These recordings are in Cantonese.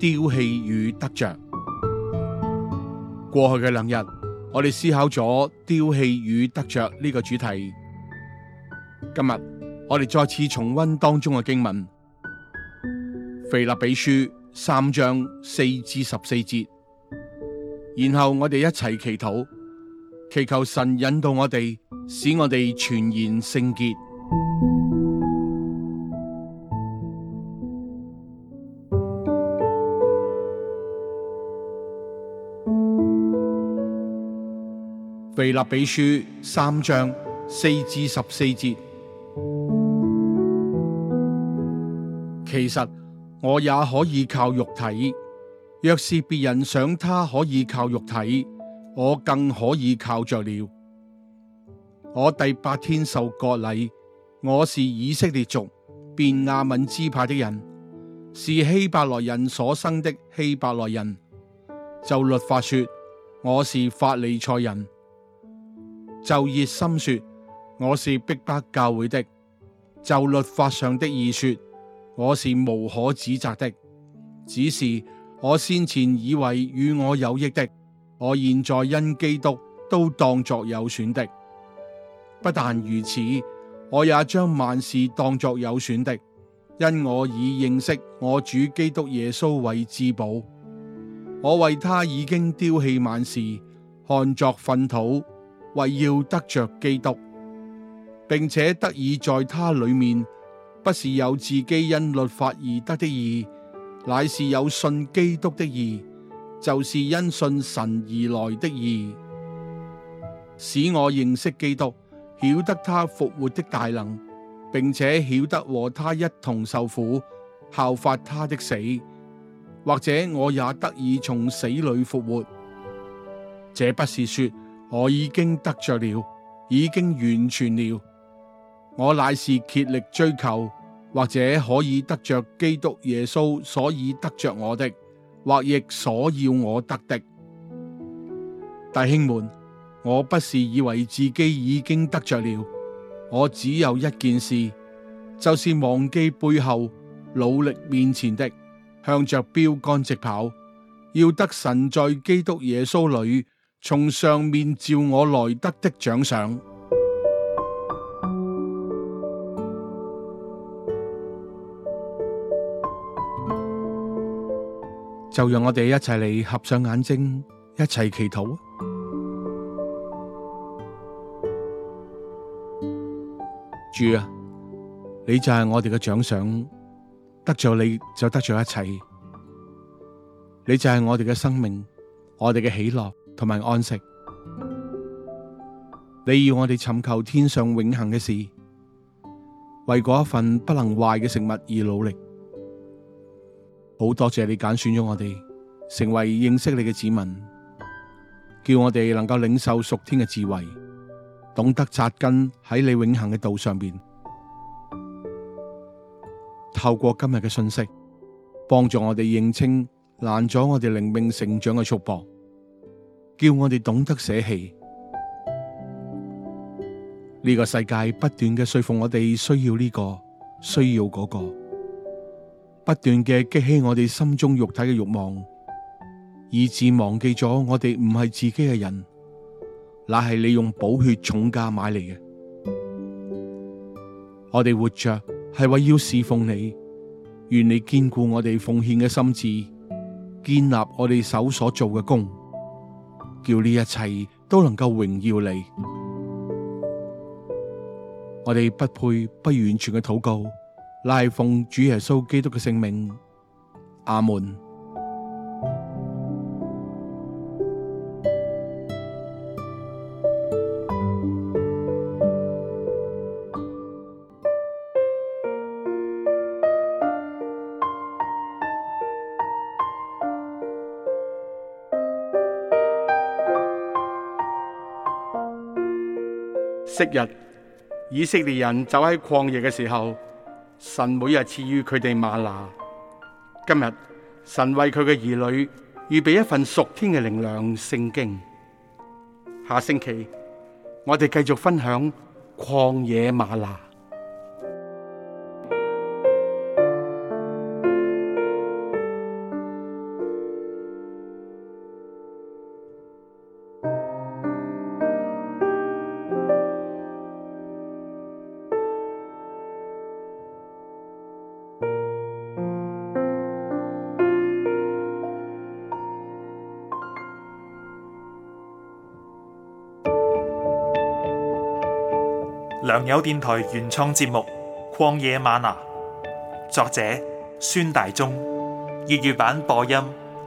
丟棄與得着。過去嘅兩日，我哋思考咗丟棄與得着呢個主題。今日我哋再次重溫當中嘅經文，腓立比書三章四至十四節。然後我哋一齊祈禱，祈求神引導我哋，使我哋全然聖潔。《腓立比書》三章四至十四節，其實我也可以靠肉體。若是別人想他可以靠肉體，我更可以靠着了。我第八天受割禮，我是以色列族，便雅憫支派的人，是希伯來人所生的希伯來人。就律法說，我是法利賽人。就熱心說，我是逼迫教會的；就律法上的義說，我是無可指責的。只是我先前以為與我有益的，我現在因基督都當作有損的。不但如此，我也將萬事當作有損的，因我已認識我主基督耶穌為至寶。我為他已經丟棄萬事，看作糞土。為要得着基督，並且得以在他裏面，不是有自己因律法而得的義，乃是有信基督的義，就是因信神而來的義。使我認識基督，曉得他復活的大能，並且曉得和他一同受苦，效法他的死，或者我也得以從死裏復活。這不是說。我已經得着了，已經完全了。我乃是竭力追求，或者可以得着基督耶穌，所以得着我的，或亦所要我得的。弟兄們，我不是以為自己已經得着了，我只有一件事，就是忘記背後，努力面前的，向着標杆直跑，要得神在基督耶穌裏。從上面召我來得的獎賞。就讓我哋一齊嚟合上眼睛，一齊祈禱。主啊，你就係我哋嘅獎賞，得咗你就得咗一切。你就係我哋嘅生命，我哋嘅喜樂。同埋安息，你要我哋尋求天上永恒嘅事，為嗰一份不能壞嘅食物而努力。好多謝你揀選咗我哋，成為認識你嘅子民，叫我哋能夠領受屬天嘅智慧，懂得紮根喺你永恒嘅道上邊。透過今日嘅信息，幫助我哋認清攔阻我哋靈命成長嘅束縛。叫我哋懂得捨棄，呢個世界不斷嘅說服我哋需要呢個，需要嗰個，不斷嘅激起我哋心中肉體嘅慾望，以致忘記咗我哋唔係自己嘅人，乃係你用寶血重價買嚟嘅。我哋活着係為要侍奉你，願你兼顧我哋奉獻嘅心志，建立我哋手所做嘅工。叫呢一切都能夠榮耀你，嗯、我哋不配不完全嘅禱告，乃奉主耶穌基督嘅聖名，阿門。昔日以色列人走喺曠野嘅時候，神每日賜予佢哋嗎哪。今日神為佢嘅兒女預備一份屬天嘅靈糧聖經。下星期我哋繼續分享曠野嗎哪。良友電台原創節目《曠野嗎哪》，作者孫大中，粵語版播音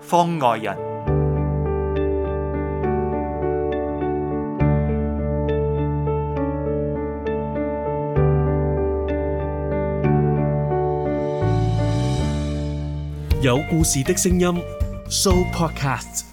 方外人。有故事的聲音，Show Podcast。